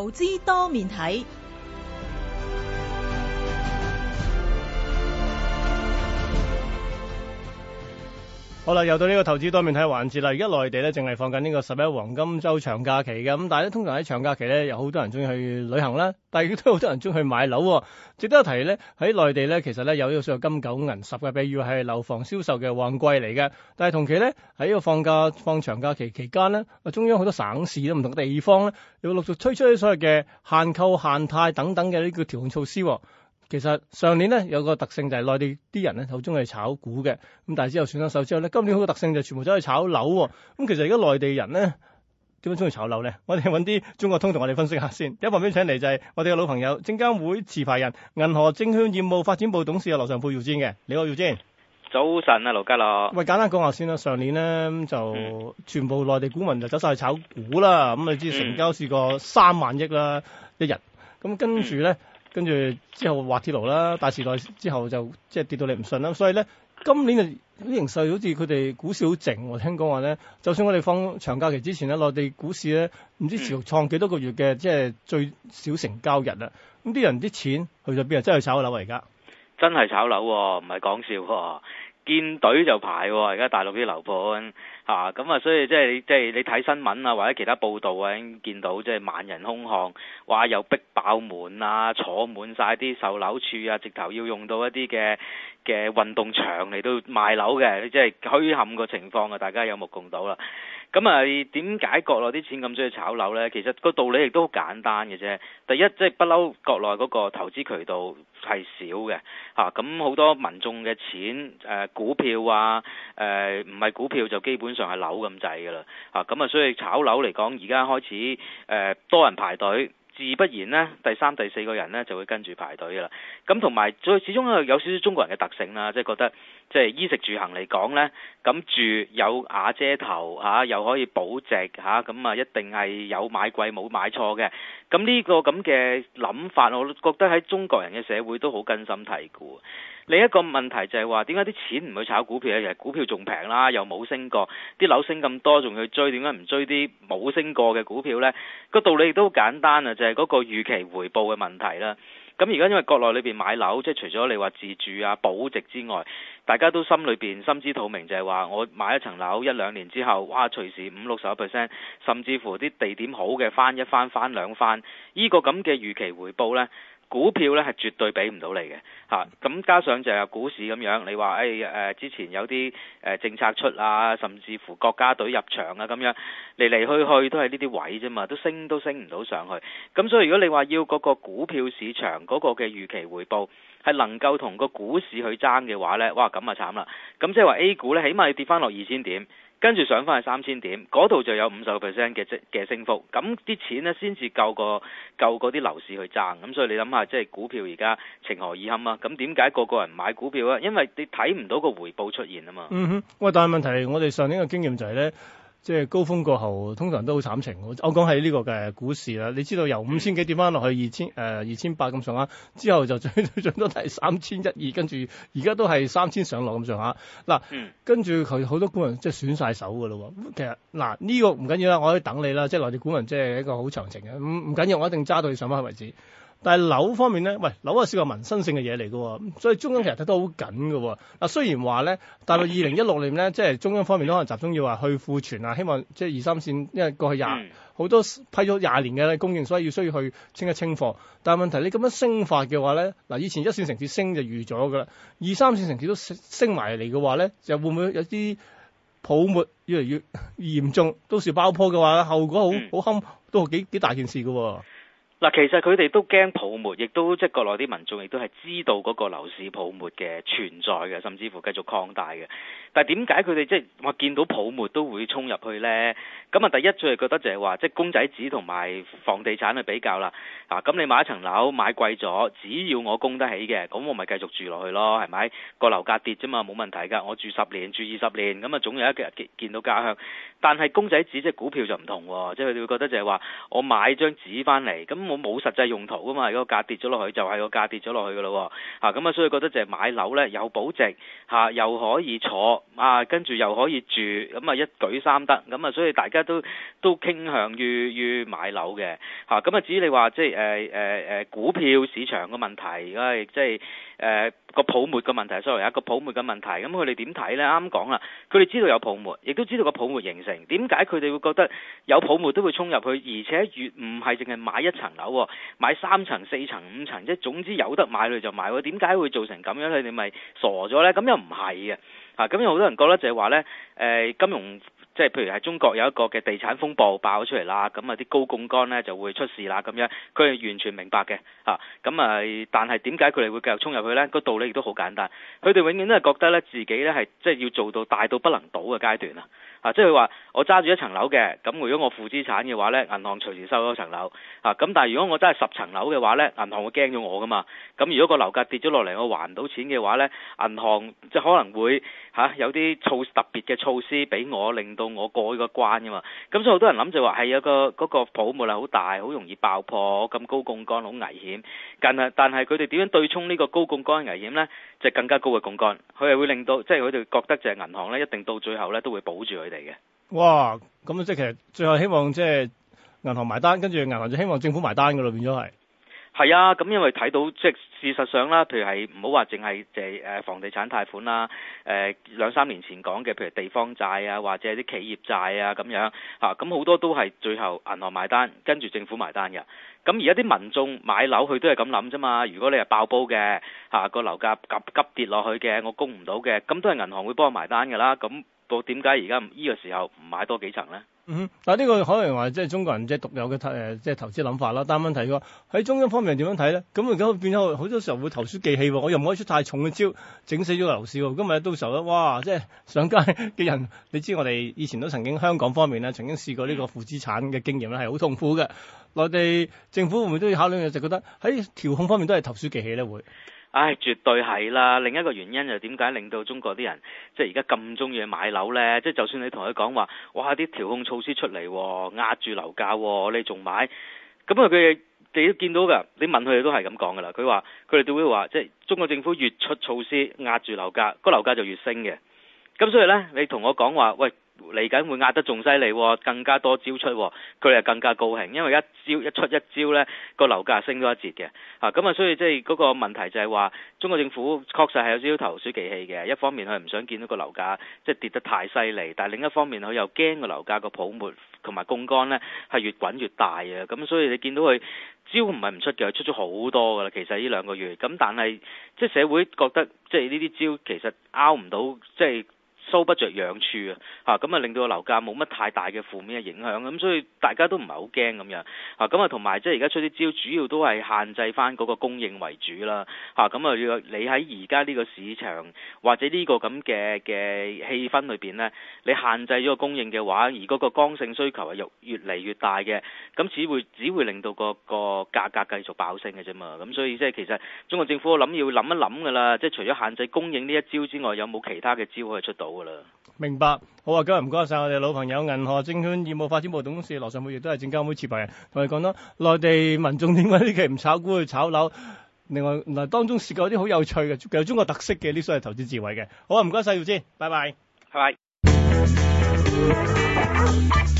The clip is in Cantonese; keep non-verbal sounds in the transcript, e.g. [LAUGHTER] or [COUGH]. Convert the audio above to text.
投資多面睇。好啦，又到呢個投資多面睇嘅環節啦。而家內地咧，淨係放緊呢個十一黃金周長假期嘅。咁但係咧，通常喺長假期咧，有好多人中意去旅行啦，但係亦都好多人中意去買樓，哦。值得一提咧，喺內地咧，其實咧有呢個所謂金九銀十嘅，比喻係樓房銷售嘅旺季嚟嘅。但係同期咧，喺呢個放假放長假期期間咧，中央好多省市嘅，唔同嘅地方咧，又陸續推出咗所謂嘅限購、限貸等等嘅呢個調控措施，哦。其實上年咧有個特性就係內地啲人咧好中意炒股嘅，咁但係之後選咗手之後咧，今年好嘅特性就全部走去炒樓，喔。咁其實而家內地人咧點解中意炒樓咧？我哋揾啲中國通同我哋分析下先。一旁邊請嚟就係我哋嘅老朋友，證監會持牌人、銀河證券業務發展部董事嘅羅尚沛耀堅嘅，你好耀堅。早晨啊，盧家樂。喂，簡單講下先啦。上年咧就全部內地股民就走晒去炒股啦，咁、嗯嗯、你知成交試過三萬億啦一日。咁跟住咧。跟住之後滑鐵盧啦，大時代之後就即係跌到你唔信啦，所以咧今年嘅啲形勢好似佢哋股市好靜喎，聽講話咧，就算我哋放長假期之前咧，內地股市咧唔知持續創幾多個月嘅、嗯、即係最少成交日啊。咁啲人啲錢去咗邊啊？真係炒樓啊而家，真係炒樓唔係講笑啊。見隊就排喎，而家大陸啲樓盤嚇，咁啊，所以即係你即係你睇新聞啊，或者其他報道啊，已經見到即係萬人空巷，哇，又逼爆滿啊，坐滿晒啲售樓處啊，直頭要用到一啲嘅嘅運動場嚟到賣樓嘅，即係虛冚個情況啊，大家有目共睹啦。咁啊，點解國內啲錢咁需要炒樓呢？其實個道理亦都好簡單嘅啫。第一，即係不嬲國內嗰個投資渠道係少嘅，嚇咁好多民眾嘅錢，誒、呃、股票啊，誒唔係股票就基本上係樓咁滯㗎啦，嚇咁啊，所以炒樓嚟講，而家開始誒、呃、多人排隊，自不然呢，第三、第四個人呢就會跟住排隊㗎啦。咁同埋最始終有少少中國人嘅特性啦，即係覺得。即係衣食住行嚟講呢，咁住有瓦遮頭嚇、啊，又可以保值嚇，咁啊，啊一定係有買貴冇買錯嘅。咁、啊、呢、這個咁嘅諗法，我都覺得喺中國人嘅社會都好根深蒂固。另一個問題就係話，點解啲錢唔去炒股票呢？其實股票仲平啦，又冇升過，啲樓升咁多，仲去追？點解唔追啲冇升過嘅股票呢？個道理亦都簡單啊，就係、是、嗰個預期回報嘅問題啦。咁而家因為國內裏邊買樓，即係除咗你話自住啊保值之外，大家都心裏邊心知肚明就係話，我買一層樓一兩年之後，哇隨時五六十個 percent，甚至乎啲地點好嘅翻一翻翻兩翻，呢、這個咁嘅預期回報呢，股票呢係絕對畀唔到你嘅嚇。咁、啊、加上就係股市咁樣，你話誒誒之前有啲政策出啊，甚至乎國家隊入場啊咁樣，嚟嚟去去都係呢啲位啫嘛，都升都升唔到上去。咁所以如果你話要嗰個股票市場，嗰個嘅預期回報係能夠同個股市去爭嘅話呢，哇咁啊慘啦！咁即係話 A 股呢，起碼要跌翻落二千點，跟住上翻去三千點，嗰度就有五十個 percent 嘅即嘅升幅，咁啲錢呢，先至夠個夠嗰啲樓市去爭，咁所以你諗下，即係股票而家情何以堪啊！咁點解個個人買股票啊？因為你睇唔到個回報出現啊嘛。嗯哼，喂，但係問題我哋上年嘅經驗就係呢。即係高峰過後，通常都好慘情。我講係呢個嘅股市啦，你知道由五千幾跌翻落去二千誒二千八咁上下，之後就最多最多係三千一二，跟住而家都係三千上落咁上下。嗱，跟住佢好多股民即係損晒手噶咯。咁其實嗱呢個唔緊要啦，我喺度等你啦。即係內地股民即係一個好長情嘅，唔唔緊要，我一定揸到你上翻去為止。但係樓方面咧，喂，樓啊，算個民生性嘅嘢嚟㗎，所以中央其實睇得好緊㗎。嗱，雖然話咧，大概二零一六年咧，即係中央方面都可能集中要話去庫存啊，希望即係二三線，因為過去廿好、嗯、多批咗廿年嘅供應，所以要需要去清一清貨。但係問題你咁樣升法嘅話咧，嗱，以前一線城市升就預咗㗎喇，二三線城市都升埋嚟嘅話咧，就會唔會有啲泡沫越嚟越嚴重，到時爆破嘅話呢，後果好好堪，都幾幾大件事㗎、哦。嗱，其實佢哋都驚泡沫，亦都即係國內啲民眾，亦都係知道嗰個樓市泡沫嘅存在嘅，甚至乎繼續擴大嘅。但係點解佢哋即係話見到泡沫都會衝入去呢？咁啊，第一佢係覺得就係話，即係公仔紙同埋房地產去比較啦。啊，咁你買一層樓買貴咗，只要我供得起嘅，咁我咪繼續住落去咯，係咪？個樓價跌啫嘛，冇問題㗎，我住十年住二十年，咁啊總有一日見到家鄉。但係公仔紙即係股票就唔同喎，即係佢哋會覺得就係話，我買張紙翻嚟咁。冇實際用途噶嘛，個價跌咗落去就係個價跌咗落去噶咯喎。咁啊，所以覺得就係買樓咧又保值，嚇、啊、又可以坐啊，跟住又可以住，咁啊一舉三得。咁啊，所以大家都都傾向於於買樓嘅。嚇，咁啊，至於你話即係誒誒誒股票市場嘅問題，而家亦即係。誒、呃、個泡沫嘅問題，所以有一個泡沫嘅問題。咁佢哋點睇呢？啱啱講啦，佢哋知道有泡沫，亦都知道個泡沫形成。點解佢哋會覺得有泡沫都會衝入去，而且越唔係淨係買一層樓，買三層、四層、五層，即係總之有得買佢就買。點解會造成咁樣？佢哋咪傻咗呢？咁又唔係嘅。嚇！咁有好多人覺得就係話呢，誒金融。即係譬如係中國有一個嘅地產風暴爆咗出嚟啦，咁啊啲高槓桿咧就會出事啦咁樣，佢係完全明白嘅嚇，咁啊但係點解佢哋會繼續衝入去咧？個道理亦都好簡單，佢哋永遠都係覺得咧自己咧係即係要做到大到不能倒嘅階段啊！嚇，即係佢話我揸住一層樓嘅，咁如果我負資產嘅話咧，銀行隨時收咗層樓啊。咁但係如果我真係十層樓嘅話咧，銀行會驚咗我噶嘛？咁如果個樓價跌咗落嚟，我還唔到錢嘅話咧，銀行即係可能會嚇、啊、有啲措特別嘅措施俾我，令到我過去個關噶嘛，咁所以好多人諗就話係有個嗰個泡沫啦，好大，好容易爆破，咁高槓桿好危險。但係，但係佢哋點樣對沖呢個高槓桿危險咧？就更加高嘅槓桿，佢係會令到即係佢哋覺得就係銀行咧，一定到最後咧都會保住佢哋嘅。哇！咁即係其實最後希望即係銀行埋單，跟住銀行就希望政府埋單噶啦，變咗係。係啊，咁因為睇到即係事實上啦，譬如係唔好話淨係誒誒房地產貸款啦，誒、呃、兩三年前講嘅，譬如地方債啊，或者啲企業債啊咁樣，嚇咁好多都係最後銀行埋單，跟住政府埋單嘅。咁而家啲民眾買樓，佢都係咁諗啫嘛。如果你係爆煲嘅，嚇、啊、個樓價急急跌落去嘅，我供唔到嘅，咁都係銀行會幫我埋單㗎啦。咁到點解而家呢個時候唔買多幾層呢？嗯，嗱，呢個可能話即係中國人即係獨有嘅誒、呃，即係投資諗法啦。但係問題喺中央方面係點樣睇咧？咁而家變咗好多時候會投鼠忌器喎，我又唔可以出太重嘅招，整死咗個樓市喎。咁咪到時候咧，哇！即係上街嘅人，你知我哋以前都曾經香港方面咧，曾經試過呢個負資產嘅經驗咧，係好痛苦嘅。內地政府會唔會都要考慮就覺得喺調控方面都係投鼠忌器咧，會。唉、哎，絕對係啦。另一個原因就點解令到中國啲人即係而家咁中意買樓呢？即、就、係、是、就算你同佢講話，哇啲調控措施出嚟、哦，壓住樓價、哦，你仲買？咁、嗯、啊，佢哋都見到㗎。你問佢哋都係咁講㗎啦。佢話：佢哋都會話，即、就、係、是、中國政府越出措施壓住樓價，個樓價就越升嘅。咁、嗯、所以呢，你同我講話，喂。嚟緊會壓得仲犀利，更加多招出，佢哋係更加高興，因為一招一出一招呢個樓價升咗一截嘅。嚇咁啊，所以即係嗰個問題就係話，中國政府確實係有少少投鼠忌器嘅。一方面佢唔想見到個樓價即係、就是、跌得太犀利，但係另一方面佢又驚個樓價個泡沫同埋槓桿呢係越滾越大啊！咁所以你見到佢招唔係唔出嘅，出咗好多噶啦。其實呢兩個月咁，但係即係社會覺得即係呢啲招其實拗唔到，即、就、係、是。收不着樣處啊！嚇咁啊，令到個樓價冇乜太大嘅負面嘅影響咁、啊，所以大家都唔係好驚咁樣啊！咁、嗯、啊，同埋即係而家出啲招，主要都係限制返嗰個供應為主啦嚇！咁啊，要、嗯、你喺而家呢個市場或者這個這呢個咁嘅嘅氣氛裏邊咧，你限制咗個供應嘅話，而嗰個剛性需求係越越嚟越大嘅，咁、嗯、只會只會令到、嗰個個價格繼續爆升嘅啫嘛！咁、啊嗯、所以即係其實中國政府我諗要諗一諗㗎喇，即、就、係、是、除咗限制供應呢一招之外，有冇其他嘅招可以出到？明白，好啊！今日唔該晒。我哋老朋友，銀河證券業務發展部董事羅尚沛亦都係證監會設排嘅，同你講咯。內地民眾點解呢期唔炒股去炒樓？另外嗱，當中試過啲好有趣嘅，有中國特色嘅呢，所謂投資智慧嘅。好啊，唔該曬，先，拜拜，拜拜。 [MUSIC]